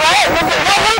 right?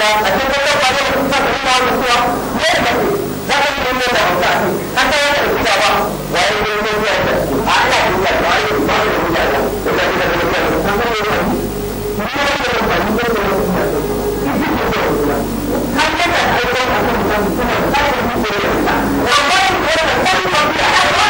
da a cikin kasar ba ne da kusa da ina wani suwa ne da kake za ka yi da hausa ce har ta ne ne ne ne ne ne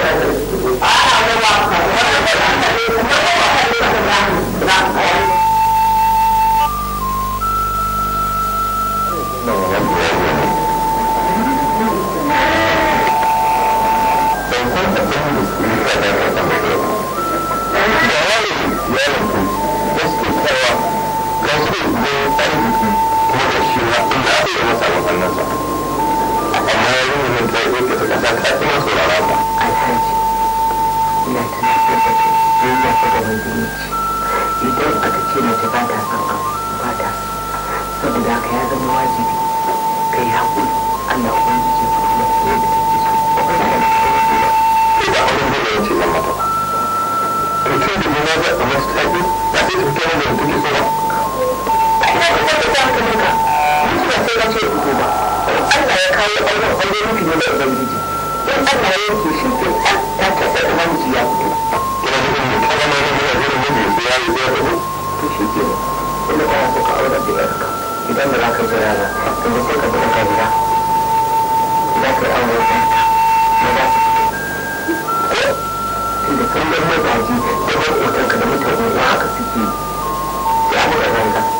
masa abokanansa amma ya zama min da yi ta kasa ta kuma saurara ta alhaji ina ta tabbata duniya ta gaban duniya ce idan aka ce mace ba ta son abu ba ta saboda haka ya zama wajibi ka yi haƙuri allah ubangiji ya kuma fiye da kake so ba ka da abin da ya ce zama ta ba mutum da mana da a masu tafi ba sai ta da mutum ke so ba. Ina kuma da ta haka kai ya ce fito ba Allah ya kawo auren aure nufi ne da ubangiji in Allah ya yanke shi ke ta ta tafi da namiji ya fito ina da kuma ta zama da mura gurin miji sai ya yi zai fito to shi ke nan kuma kana so ka aure da yarka idan da za zo yara kuma sai ka buɗe ka gida za ka yi aure da yarka na za su fito tunda kullum mazaji da maƙotanka da mutane ba haka suke ya buɗe ranka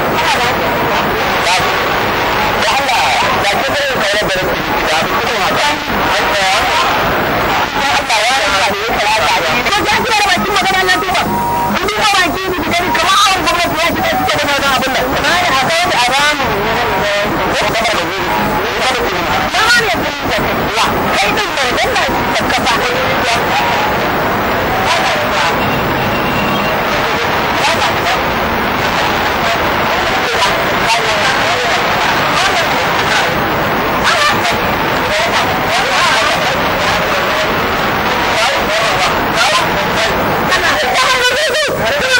Kai ɗin mai dan da ka ba. Hey!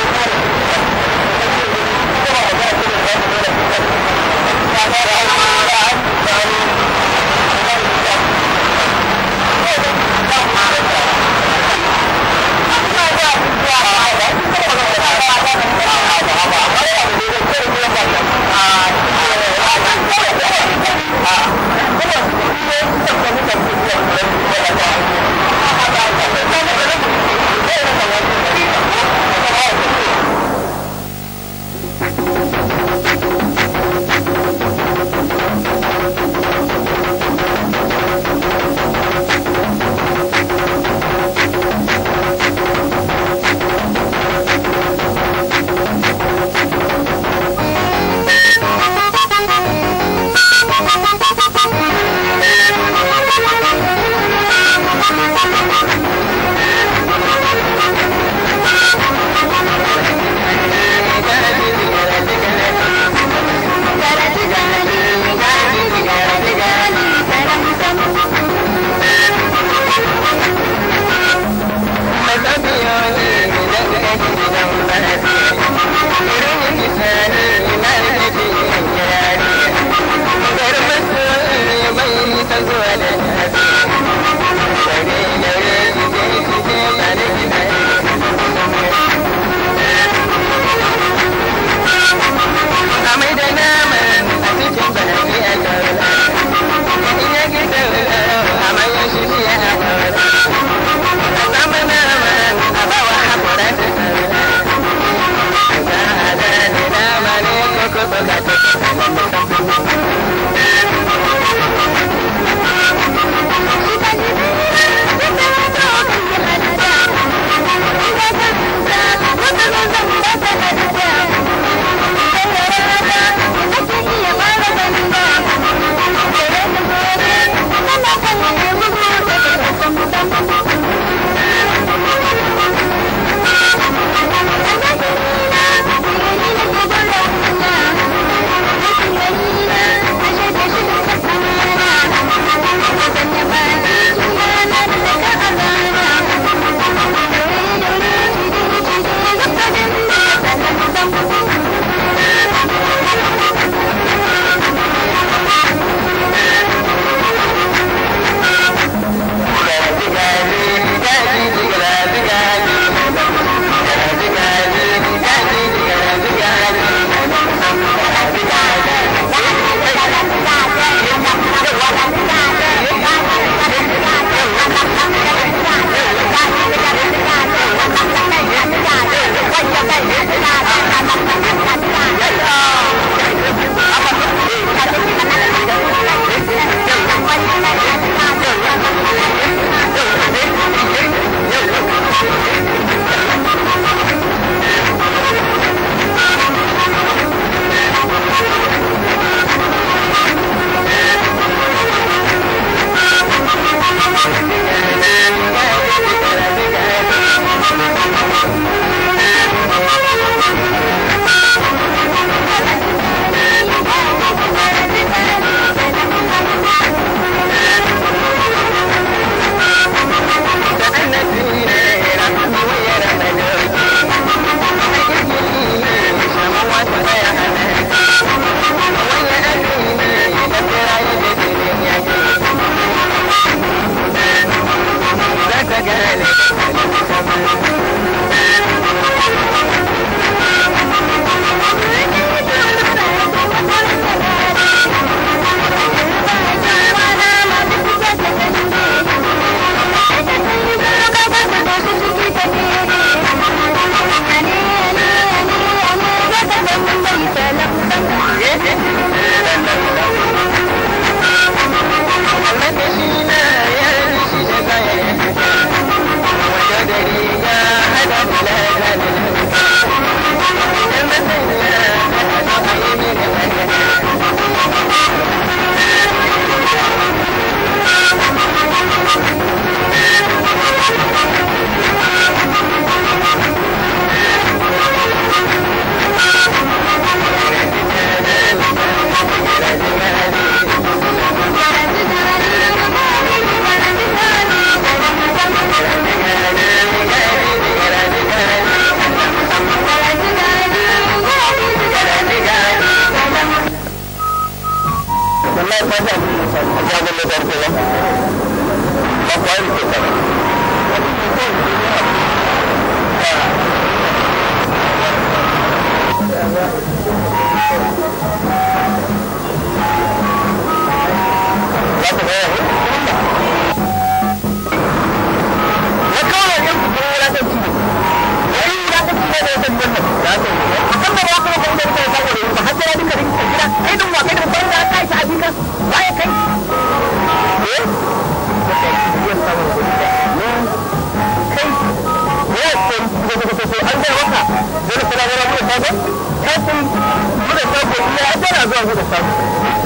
zuwa da sauri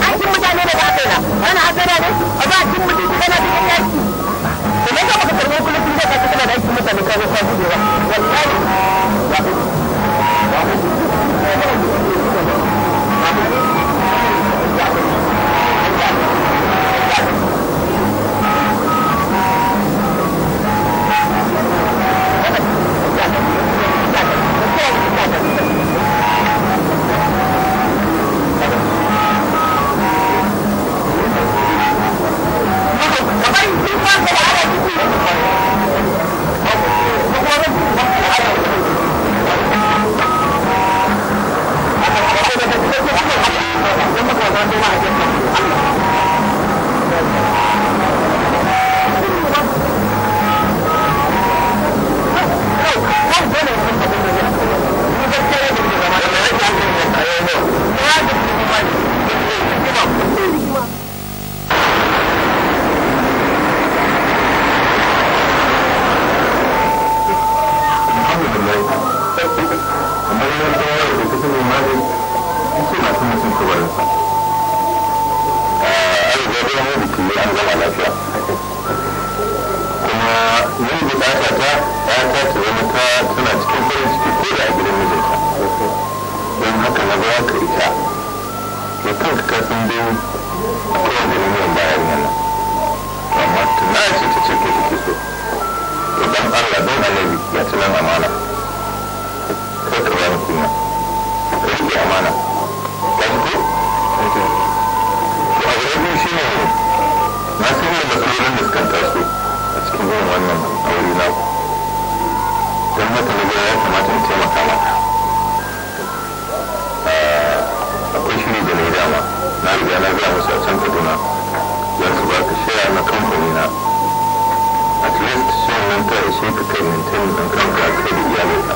aikin mutane da ba kai na ne a ba cin mutunci kana cikin yaki to ne ka baka karɓar kullum kun zaka kana da aikin mutane ka zo ka gudewa wanda ba a jasa Thank you. an zama lafiya kuma yin bukata ta ya ta ce wani ta tana cikin farin ciki ko da a gidan mijinta don haka na ba ka ita to kanka ka san dai akwai wani miliyan bayan yana amma tana ce ta ce ko take so Allah don annabi ya ci nan amana kar ka ba mu kuma, ka rike amana matsalolin da suka taso a cikin irin wannan aure na ku don haka na ya kamata mu taimaka mata ah, akwai shiri da mai dama na riga na gaya musu a can kaduna za su ba ka shaya na kamfani na at least shan nan ta ishe ka kai mintin ɗan kanka kai da iyalinka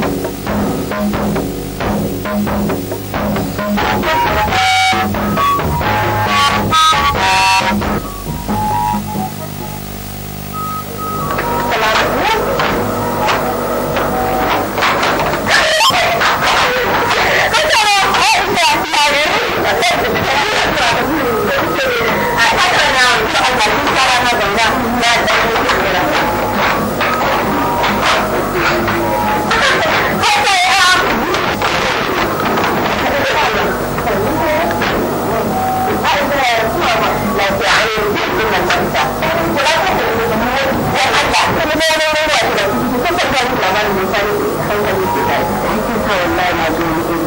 malam ya sani su hankali su da hakin sa wallahi na zo ni ɗin.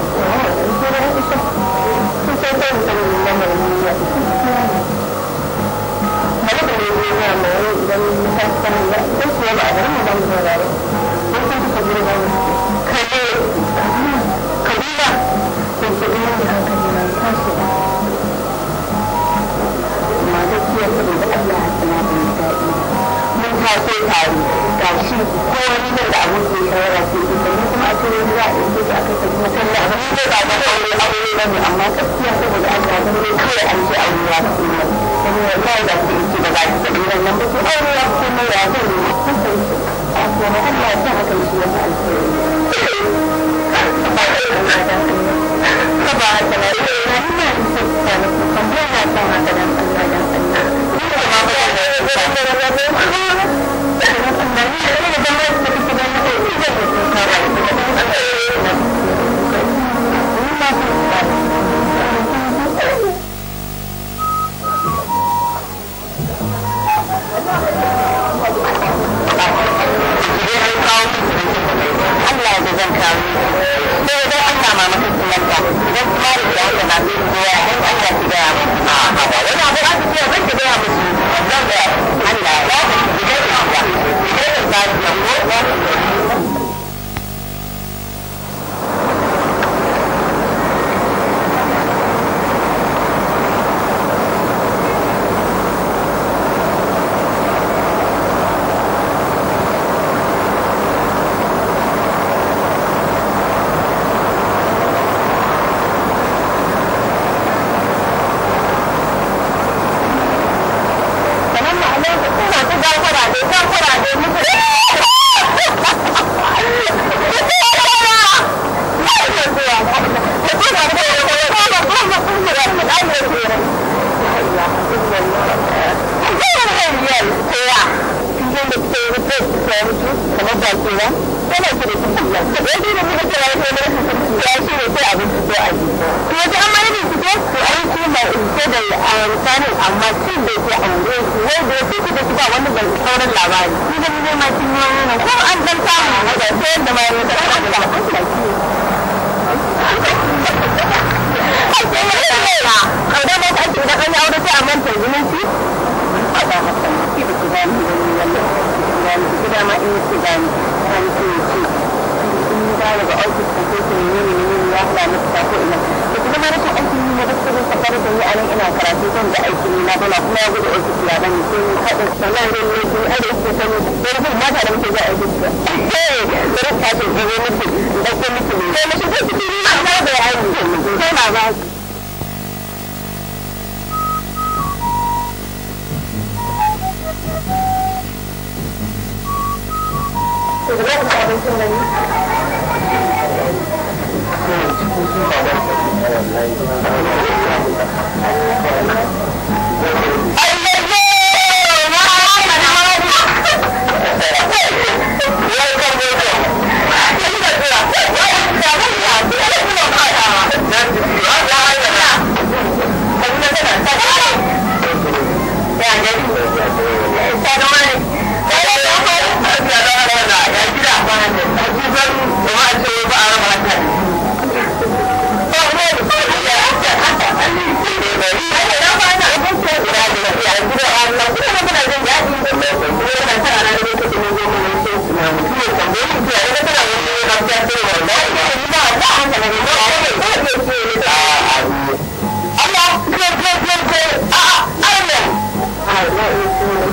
sai sai mutum ne na mai niyya. Malaka ne zai zuwa mai idan ta samu ba, ko kuwa ba a garin mu ban zuwa ba. Ko kuma ka zuwa ba suna so tare ga shi ko wani nan da abokin shawara ke yi sannan kuma a cikin za a ɗauke shi a kai ta kuma sallah ba shi ba da aure aure ba ne amma gaskiya saboda an ga zama kawai an ce aure ya fi nan wani wallahi da su ce da ba su ta ɗiran nan ba su aure ya fi nan ya zai ne sun san a kuma Allah ya sa hakan shi ya fi alheri. Saboda haka na yi na ina yin sassa na kusan yana son haka Allah dan Allah. Allah da zan ma maka ta idan kuma da ke haka na zai koya don Allah ki gaya mu. A ba wani abu an ki gaya zan ki gaya musu zan gaya Allah ya ku ki gaya ki gaya ki gaya ki gaya to za ku ci abincin nan ne.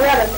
Yeah.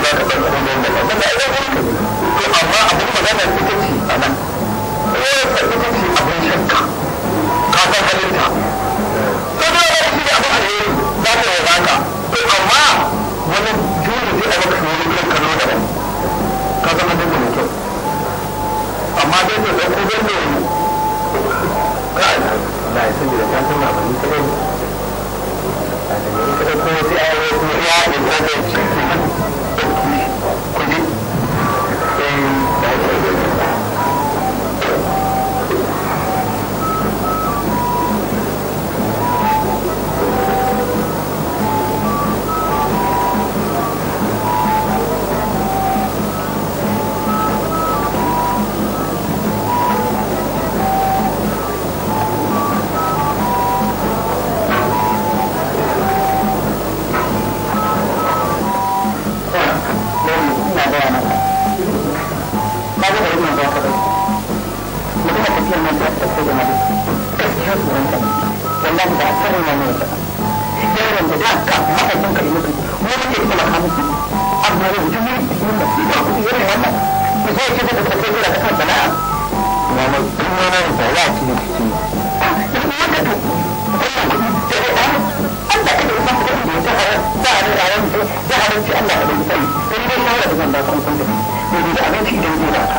za ka ɗan kuma da ba da ya to amma abin magana ita ce a nan wayarsa ita ce abin shakka ka san halitta to da ya ci da abin alheri za ka yi baka to amma wani juri zai aka kasu wani kan kallo da wani ka zama duk mai kyau amma dai ta ɗauko don da yi ka na yi san labarin kadai a da ne ka da jinyar nan da aka ko da mali gaskiya tsoron ka wallahi da aka nuna mana da yaron da ka mahaifin ka yi mutu mu muke taimaka musu amma da mutum ne da su da kuɗi yana wannan ku zai ce da kake gura kan sana'a na mai kuma na da ya ci ne cikin da kuma ka da da Allah da ba ku da ta dan dai shawara da zan ba ka mutunta ne da abinci idan zai ba ka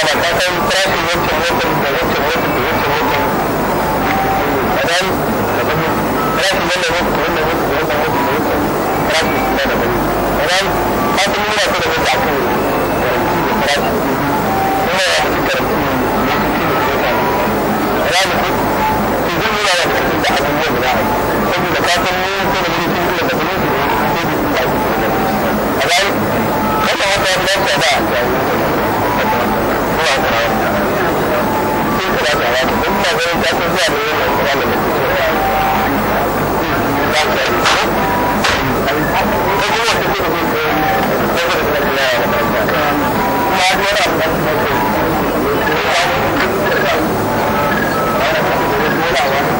ba ka san farashin wancan wancan da wancan wancan da wancan wancan a dan farashin wannan wancan wannan wancan da wannan wancan da wancan farashin suna da bane a dan ka san muna so da wanda akan garanti da farashin kuma ya fi garanti ne su ce da ka ran ku ku zan nuna wa karfi da abubuwan da za a yi saboda ka san da da su ne su a dan wata wata zuwa Thank you.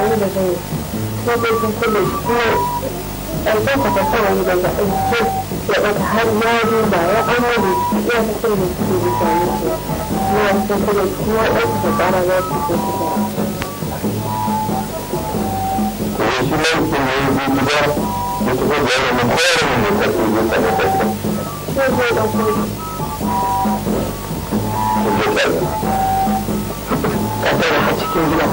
kawai da zai sojojin kudu kuma ɗauke ka ta ya ɗauka har ya duba ya da ya ta da shi yi ya Kasar a cikin gidan.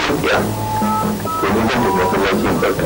su ya domin zan yi masallaci in barka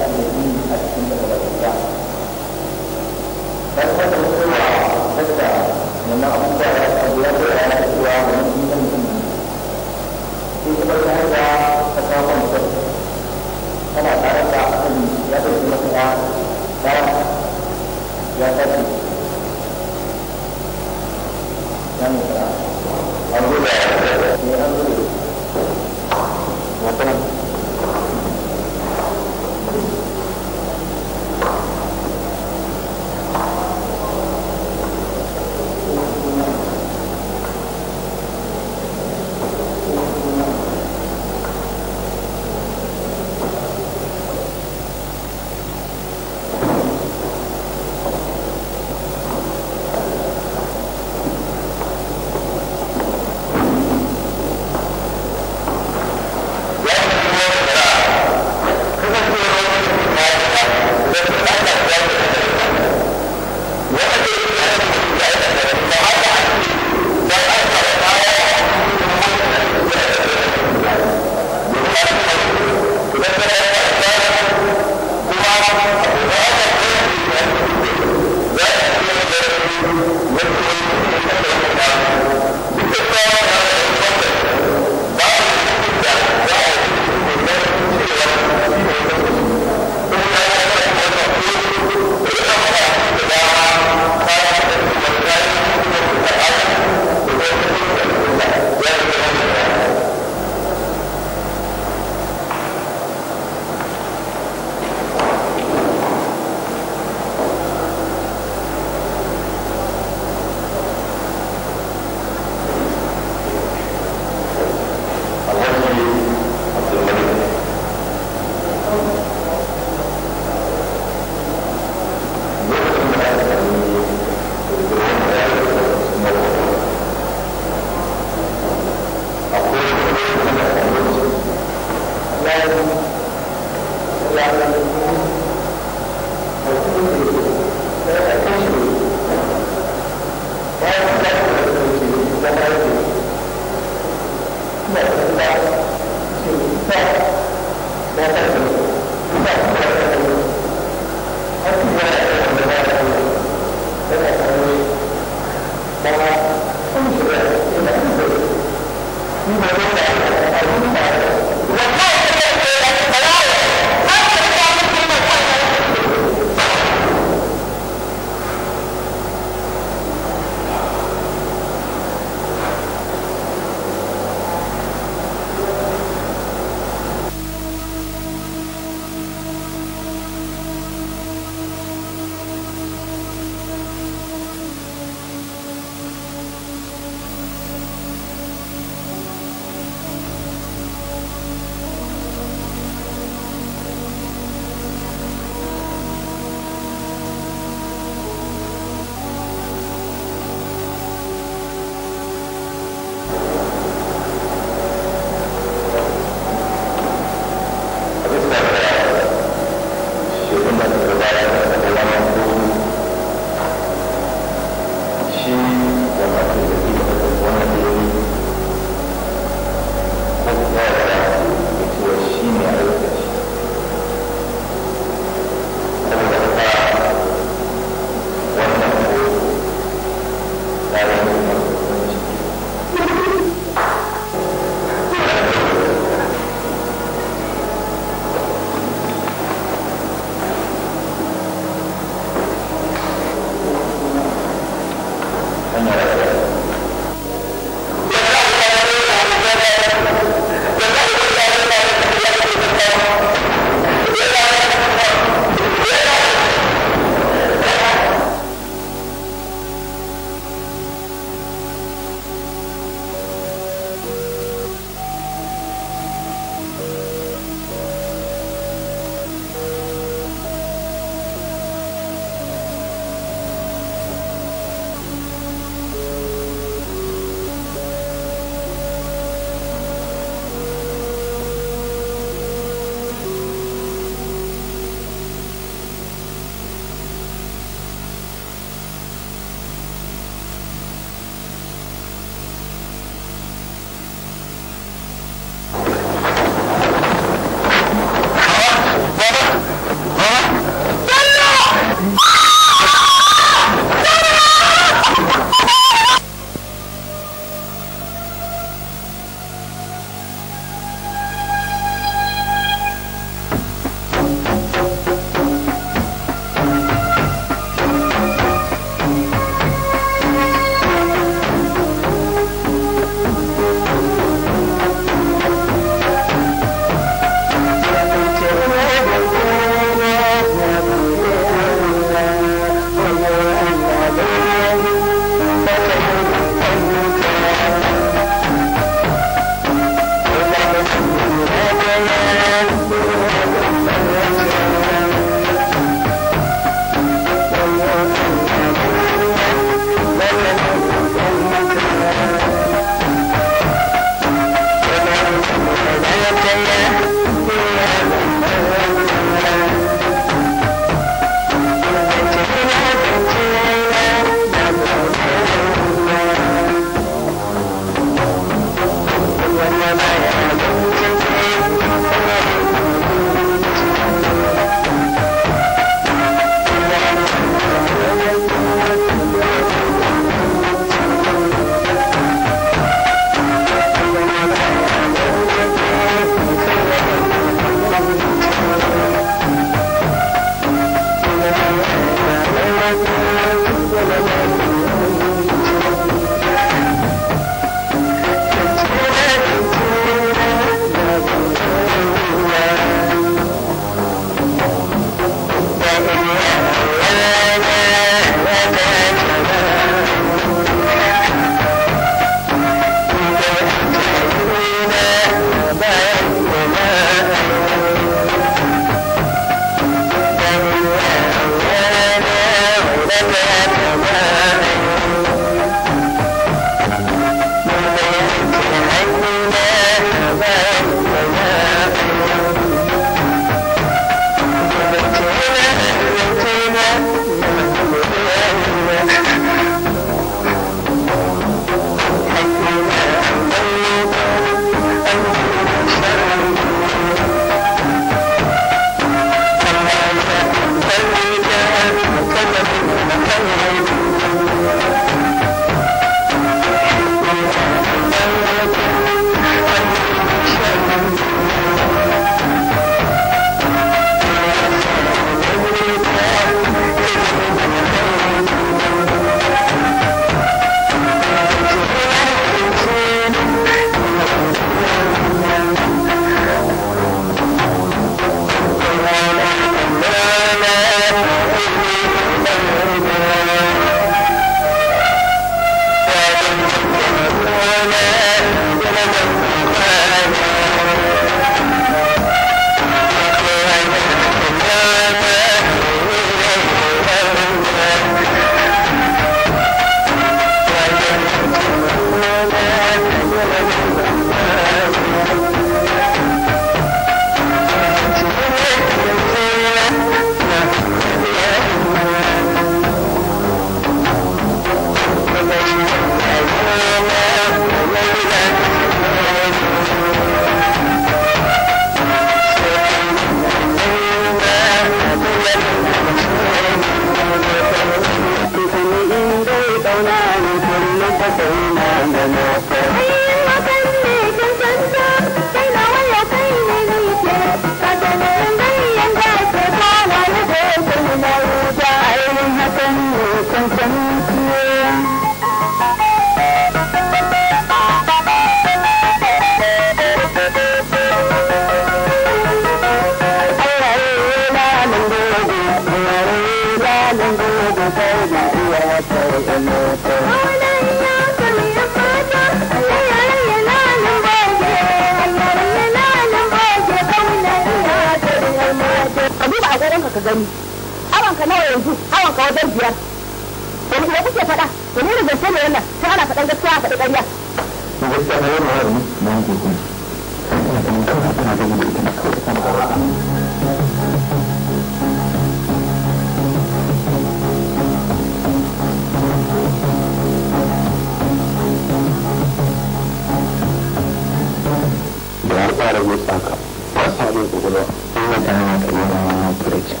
fara motsa ka fasa min kwakwalwa Allah ta hana ka yin wannan furicin.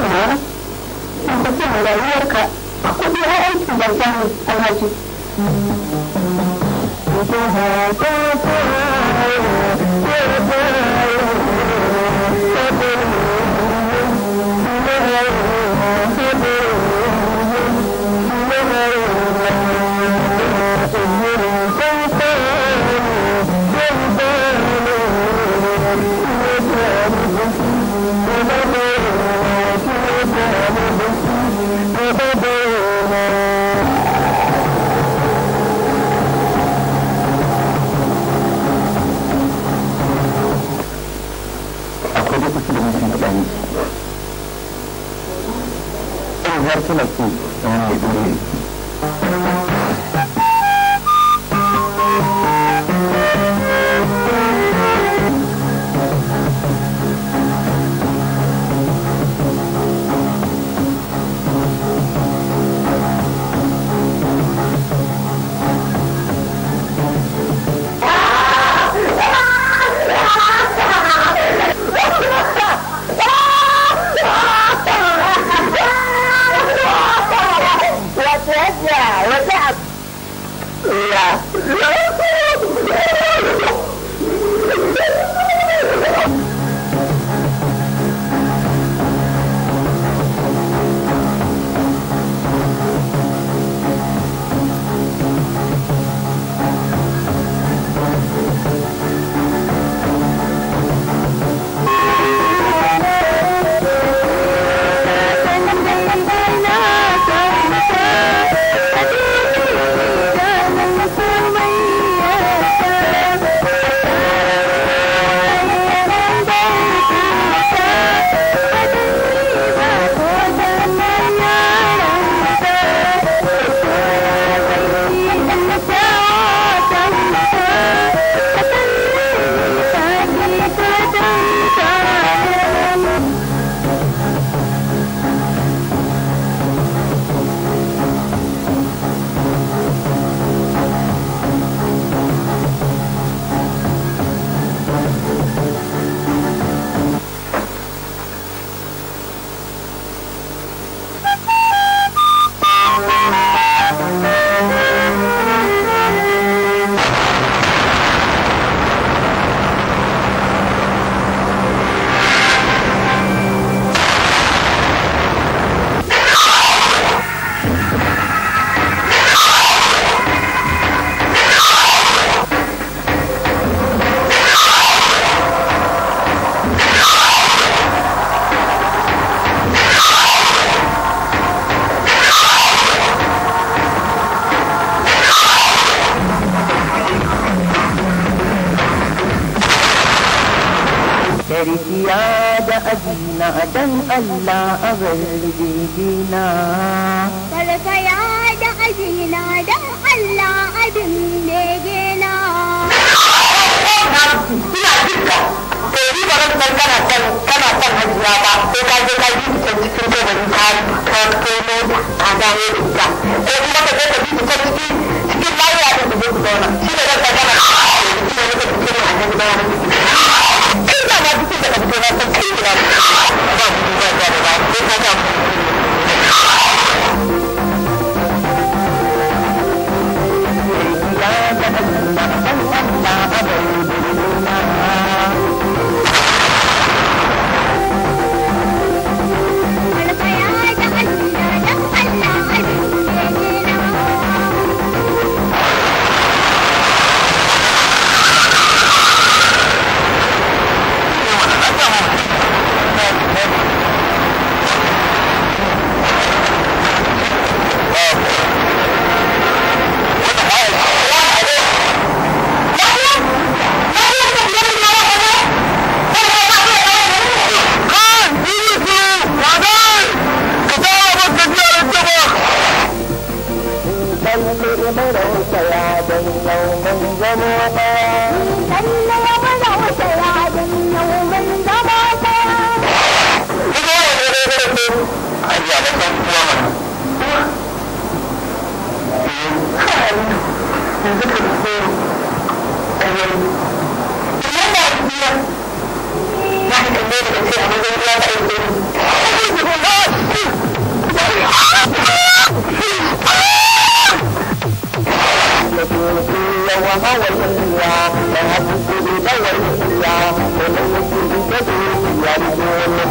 A'a, an a aiki 听了，嗯。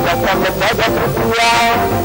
Thank you.